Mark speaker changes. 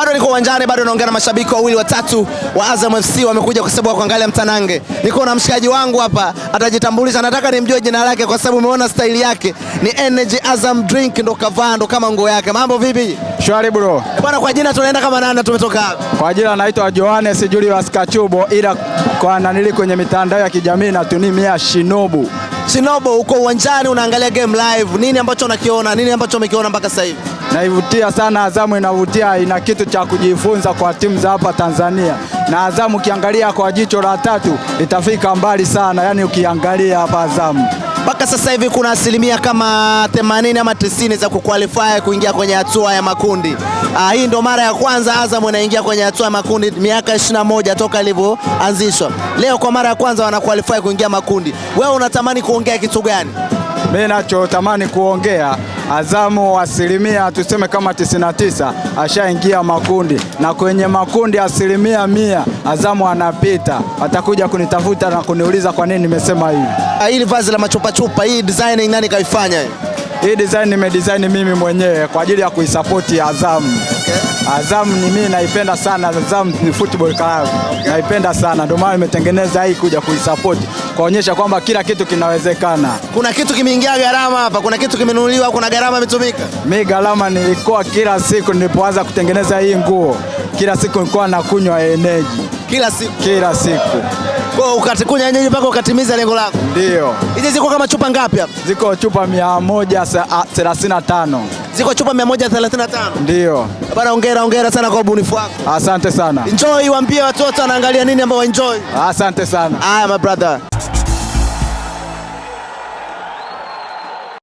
Speaker 1: Bado niko uwanjani, bado naongea na mashabiki wawili watatu wa Azam FC wamekuja kwa sababu ya kuangalia mtanange. Niko na mshikaji wangu hapa, atajitambulisha. Nataka nimjue jina lake kwa sababu umeona staili yake ni energy. Azam drink ndo kavaa, ndo kama nguo yake. Mambo vipi?
Speaker 2: Shwari bro.
Speaker 1: Bwana, kwa jina tunaenda kama nani? Tumetoka hapa
Speaker 2: kwa jina, naitwa Johannes Julius Kachubo, ila kwa nanili kwenye mitandao ya kijamii natumia Shinobu
Speaker 1: Shinobo, uko uwanjani unaangalia game live, nini ambacho unakiona? Nini ambacho umekiona mpaka sasa hivi?
Speaker 2: Naivutia sana Azamu, inavutia, ina kitu cha kujifunza kwa timu za hapa Tanzania, na Azamu ukiangalia kwa jicho la tatu itafika mbali sana, yani ukiangalia hapa Azamu
Speaker 1: mpaka sasa hivi kuna asilimia kama 80 ama 90 za kuqualify kuingia kwenye hatua ya makundi. Ah, hii ndo mara ya kwanza Azam inaingia kwenye hatua ya makundi miaka 21 toka ilivyoanzishwa. Leo kwa mara ya kwanza wanaqualify kuingia makundi. Wewe unatamani kuongea kitu gani?
Speaker 2: mimi nachotamani kuongea, Azamu asilimia tuseme kama 99 ashaingia makundi, na kwenye makundi asilimia mia Azamu anapita. Atakuja kunitafuta na kuniuliza kwa nini nimesema hivi.
Speaker 1: Ah, hili vazi la machupachupa, hii design nani kaifanya?
Speaker 2: Hii design nimedesign mimi mwenyewe kwa ajili ya kuisapoti Azamu. Okay. Azamu ni mimi naipenda sana, Azamu ni football club. Okay. Naipenda sana ndio maana nimetengeneza hii kuja kuisapoti kuonyesha kwamba kila kitu kinawezekana.
Speaker 1: Kuna kitu kimeingia gharama hapa, kuna kitu kimenunuliwa, kuna gharama imetumika.
Speaker 2: Mi gharama nilikuwa kila siku nilipoanza kutengeneza hii nguo, kila siku nilikuwa nakunywa eneji kila siku, kila siku
Speaker 1: kwa ukatikunya nyinyi mpaka ukatimiza lengo lako. Ndio. Hizi ziko kama chupa ngapi hapa?
Speaker 2: Ziko chupa 135.
Speaker 1: Ziko chupa 135. Ndio. Bana, ongera ongera sana kwa ubunifu wako.
Speaker 2: Asante sana.
Speaker 1: Enjoy, waambie watoto wanaangalia nini ambao enjoy.
Speaker 2: Asante sana.
Speaker 1: Haya, my brother.